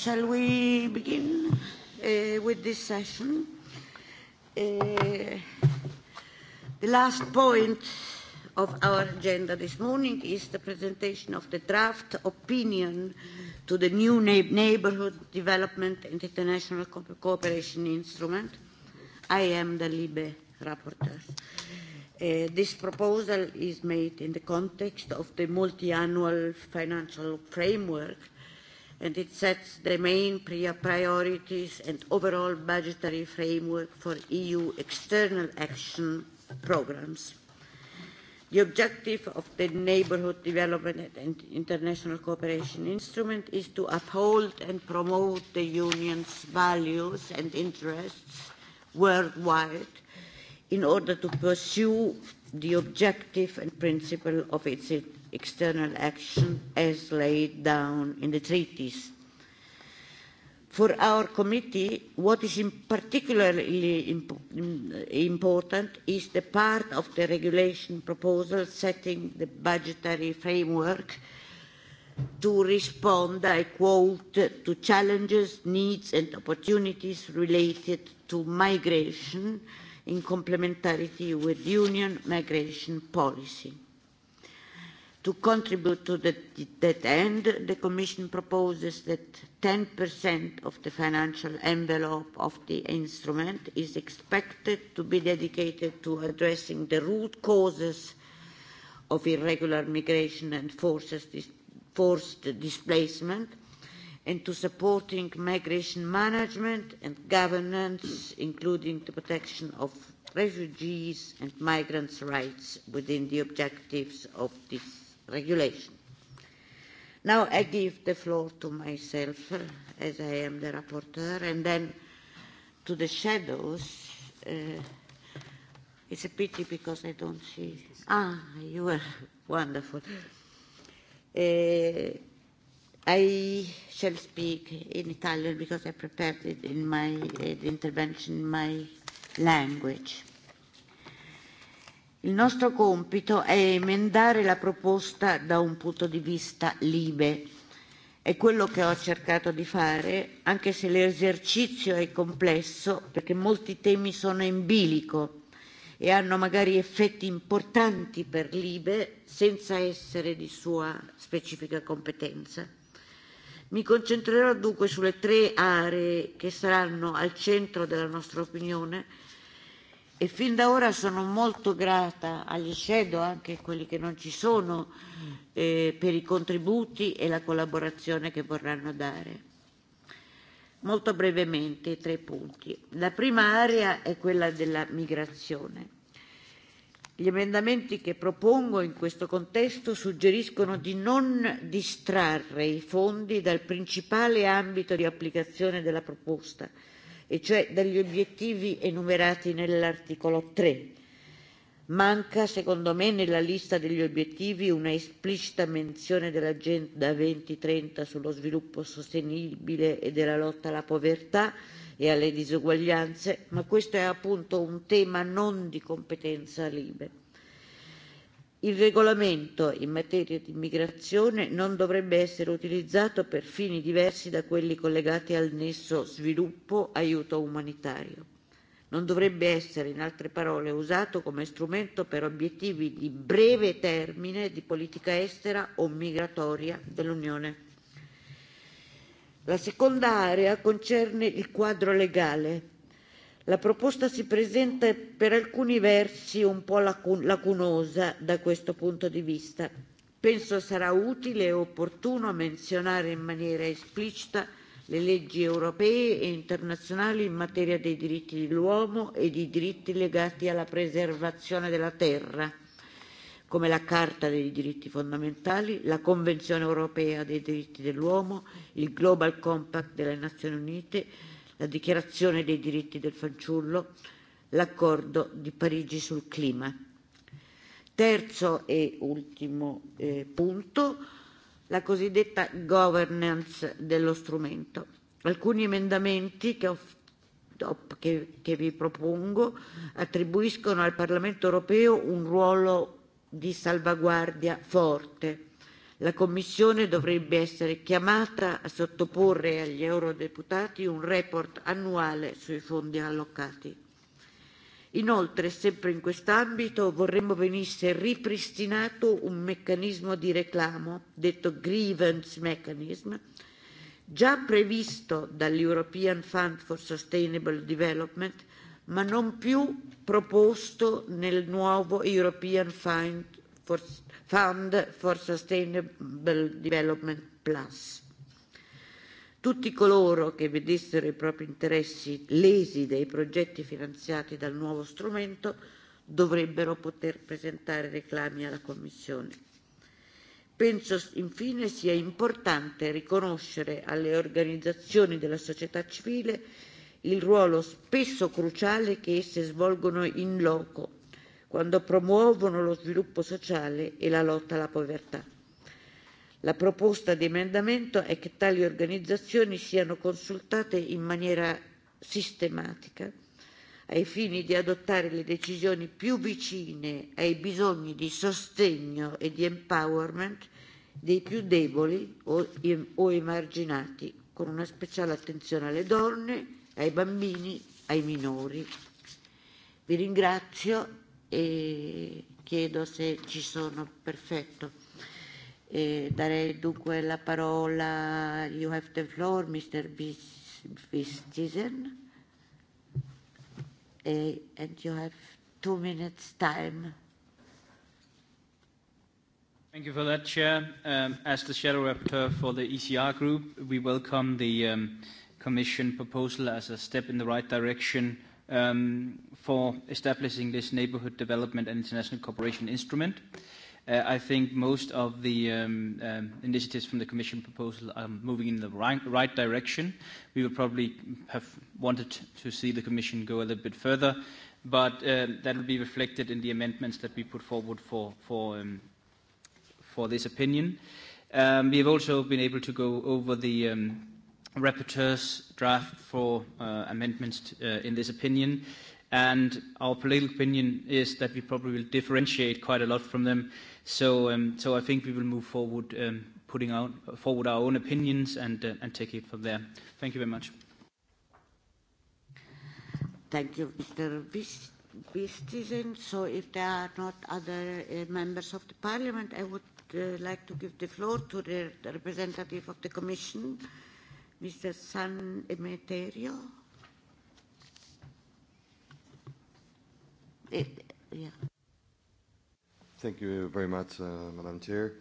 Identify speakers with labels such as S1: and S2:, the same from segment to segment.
S1: Shall we begin uh, with this session? Uh, the last point of our agenda this morning is the presentation of the draft opinion to the new Neighbourhood Development and International Co Cooperation Instrument. I am the LIBE rapporteur. Uh, this proposal is made in the context of the multi-annual financial framework and it sets the main priorities and overall budgetary framework for EU external action programs. The objective of the Neighbourhood Development and International Cooperation Instrument is to uphold and promote the Union's values and interests worldwide in order to pursue the objective and principle of its external action as laid down in the treaties. For our committee, what is particularly imp important is the part of the regulation proposal setting the budgetary framework to respond, I quote, to challenges, needs and opportunities related to migration in complementarity with Union migration policy. To contribute to the, that end, the Commission proposes that 10% of the financial envelope of the instrument is expected to be dedicated to addressing the root causes of irregular migration and forces dis forced displacement and to supporting migration management and governance, including the protection of refugees and migrants' rights within the objectives of this regulation. Now I give the floor to myself, uh, as I am the rapporteur, and then to the shadows. Uh, it's a pity because I don't see. Ah, you are wonderful. Uh, I shall speak in Italian because I prepared it in my uh, intervention in my language. Il nostro compito è emendare la proposta da un punto di vista libe. È quello che ho cercato di fare, anche se l'esercizio è complesso perché molti temi sono in bilico e hanno magari effetti importanti per l'IBE senza essere di sua specifica competenza. Mi concentrerò dunque sulle tre aree che saranno al centro della nostra opinione e fin da ora sono molto grata agli Shadow, anche quelli che non ci sono, eh, per i contributi e la collaborazione che vorranno dare. Molto brevemente tre punti. La prima area è quella della migrazione. Gli emendamenti che propongo in questo contesto suggeriscono di non distrarre i fondi dal principale ambito di applicazione della proposta, e cioè dagli obiettivi enumerati nell'articolo 3. Manca, secondo me, nella lista degli obiettivi una esplicita menzione dell'Agenda 2030 sullo sviluppo sostenibile e della lotta alla povertà e alle disuguaglianze, ma questo è appunto un tema non di competenza libe. Il regolamento in materia di immigrazione non dovrebbe essere utilizzato per fini diversi da quelli collegati al nesso sviluppo-aiuto umanitario. Non dovrebbe essere, in altre parole, usato come strumento per obiettivi di breve termine di politica estera o migratoria dell'Unione. La seconda area concerne il quadro legale La proposta si presenta per alcuni versi un po' lacun- lacunosa da questo punto di vista. Penso sarà utile e opportuno menzionare in maniera esplicita le leggi europee e internazionali in materia dei diritti dell'uomo e di diritti legati alla preservazione della terra, come la Carta dei diritti fondamentali, la Convenzione europea dei diritti dell'uomo, il Global Compact delle Nazioni Unite, la Dichiarazione dei diritti del fanciullo, l'Accordo di Parigi sul clima. Terzo e ultimo eh, punto, la cosiddetta governance dello strumento. Alcuni emendamenti che ho che, che vi propongo attribuiscono al Parlamento europeo un ruolo di salvaguardia forte la Commissione dovrebbe essere chiamata a sottoporre agli eurodeputati un report annuale sui fondi allocati. Inoltre, sempre in quest'ambito, vorremmo venisse ripristinato un meccanismo di reclamo, detto grievance mechanism, già previsto dall'European Fund for Sustainable Development, ma non più proposto nel nuovo European Fund for, Fund for Sustainable Development Plus. Tutti coloro che vedessero i propri interessi lesi dai progetti finanziati dal nuovo strumento dovrebbero poter presentare reclami alla Commissione. Penso infine sia importante riconoscere alle organizzazioni della società civile il ruolo spesso cruciale che esse svolgono in loco quando promuovono lo sviluppo sociale e la lotta alla povertà. La proposta di emendamento è che tali organizzazioni siano consultate in maniera sistematica ai fini di adottare le decisioni più vicine ai bisogni di sostegno e di empowerment dei più deboli o, o emarginati, con una speciale attenzione alle donne, ai bambini, ai minori. Vi ringrazio e chiedo se ci sono. Perfetto. E darei dunque la parola, you have the floor, Mr. Vistisen. E, and you have two minutes time. Thank you for that, Chair. Um, as the Shadow Rapporteur for the ECR Group, we welcome the um, Commission proposal as a step in the right direction uh, um, for establishing this neighborhood development and international cooperation instrument. Uh, I think most of the um, um, initiatives from the Commission proposal are moving in the right, right direction. We would probably have wanted to see the Commission go a little bit further, but uh, that will be reflected in the amendments that we put forward for, for, um, for this opinion. Um, we have also been able to go over the um, rapporteur's draft for uh, amendments to, uh, in this opinion. And our political opinion is that we probably will differentiate quite a lot from them. So, um, so I think we will move forward, um, putting out, forward our own opinions and, uh, and take it from there. Thank you very much. Thank you, Mr. Vist Vistisen. So if there are not other uh, members of the parliament, I would uh, like to give the floor to the representative of the commission. Uh, Mr. San Emeterio?
S2: It, eh, yeah. Thank you very much, uh, Madam Chair.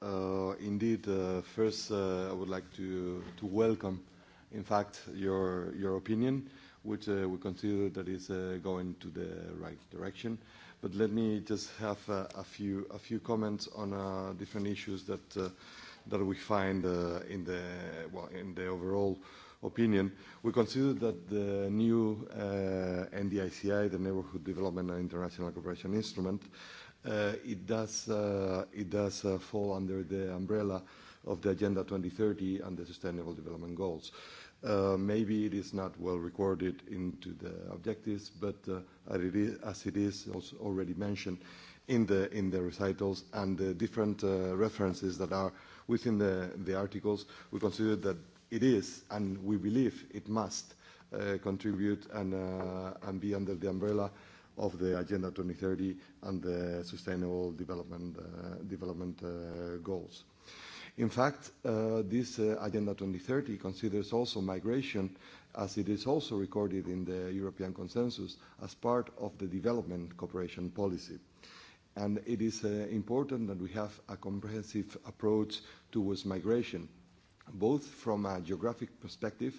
S2: Uh, indeed, uh, first uh, I would like to, to welcome, in fact, your, your opinion, which uh, we consider that is uh, going to the right direction. But let me just have uh, a, few, a few comments on uh, different issues that uh, that we find uh, in the well in the overall opinion, we consider that the new uh, NDICI, the Neighborhood Development and International Cooperation Instrument, uh, it does uh, it does uh, fall under the umbrella of the Agenda 2030 and the Sustainable Development Goals. Uh, maybe it is not well recorded into the objectives, but uh, as, it is, as it is also already mentioned in the in the recitals and the different uh, references that are uh, within the, the articles, we consider that it is, and we believe it must, uh, contribute and, uh, and be under the umbrella of the Agenda 2030 and the Sustainable Development, uh, development uh, Goals. In fact, uh, this uh, Agenda 2030 considers also migration, as it is also recorded in the European Consensus, as part of the development cooperation policy. Uh, and it is uh, important that we have a comprehensive approach towards migration, both from a geographic perspective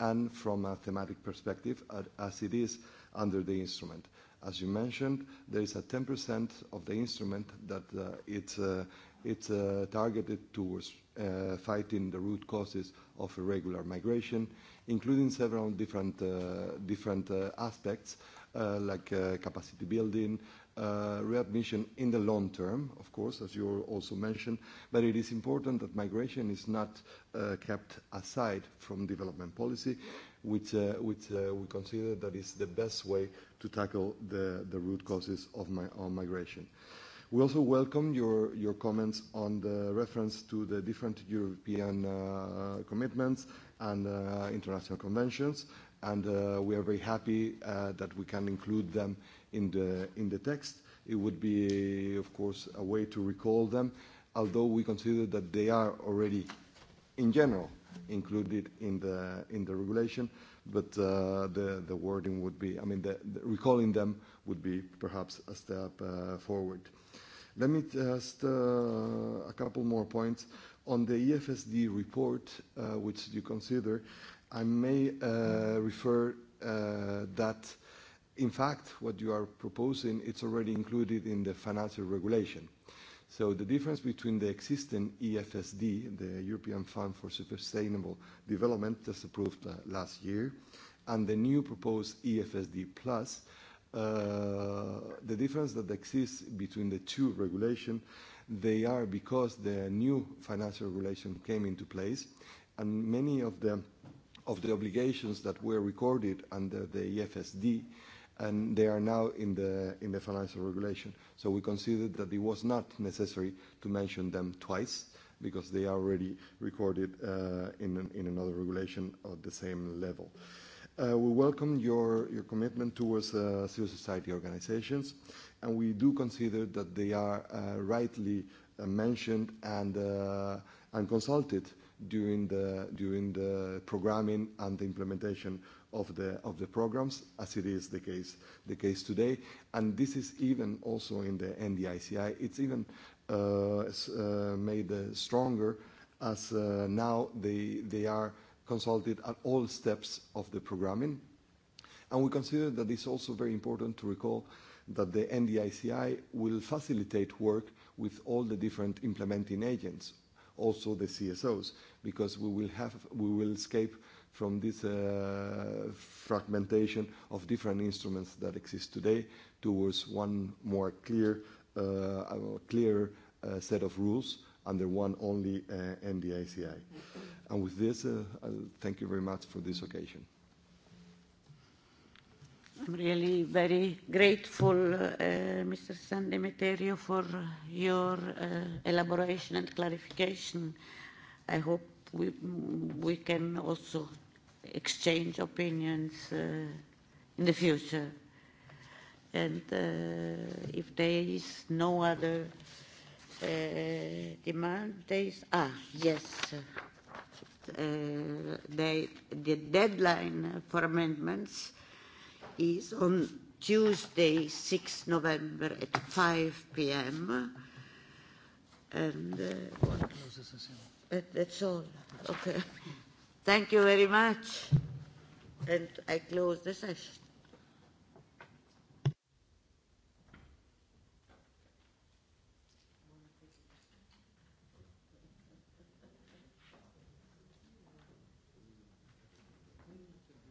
S2: and from a thematic perspective, as it is under the instrument. As you mentioned, there is a 10% of the instrument that uh, it's, uh, it's uh, targeted towards uh, fighting the root causes of irregular migration, including several different, uh, different uh, aspects uh, like uh, capacity building, Uh, readmission in the long term, of course, as you also mentioned, but it is important that migration is not uh, kept aside from development policy, which, uh, which we consider that is the best way to tackle the, the root causes of mi migration. We also welcome your, your comments on the reference to the different European uh, commitments and uh, international conventions, and uh, we are very happy that we can include them in the, in the text. It would be, of course, a way to recall them, although we consider that they are already, in general, included in the, in the regulation, but uh, the, the wording would be, I mean, the, the recalling them would be perhaps a step uh, forward. Let me just uh, a couple more points. On the EFSD report, uh, which you consider, I may uh, refer uh, that uh, in fact, what you are proposing, it's already included in the financial regulation. So the difference between the existing EFSD, the European Fund for Sustainable Development, just approved uh, last year, and the new proposed EFSD Plus, uh, the difference that exists between the two regulation, they are because the new financial regulation came into place, and many of the, of the obligations that were recorded under the EFSD uh, and they are now in the, in the financial regulation. So we considered that it was not necessary to mention them twice because they are already recorded uh, in, an, in another regulation of the same level. Uh, we welcome your, your commitment towards uh, civil society organizations, and we do consider that they are uh, rightly uh, mentioned and, uh, and consulted during the, during the programming and the implementation of the, of the programs, as it is the case, the case today. And this is even also in the NDICI. It's even uh, uh, made uh, stronger as uh, now they, they are consulted at all steps of the programming. And we consider that it's also very important to recall that the NDICI will facilitate work with all the different implementing agents, also the CSOs, because we will, have, we will escape from this uh, fragmentation of different instruments that exist today towards one more clear, uh, clearer uh, set of rules under one only uh, NDICI. And with this, uh, I'll thank you very much for this occasion.
S1: I'm really very grateful, uh, Mr. San Demeterio, for your uh, elaboration and clarification. I hope we, we can also exchange opinions uh, in the future. And uh, if there is no other uh, demand, there is, ah, yes, uh, they, the deadline for amendments is on Tuesday, 6 November at 5 p.m. And uh, what? That's all. Okay. Thank you very much. And I close the session.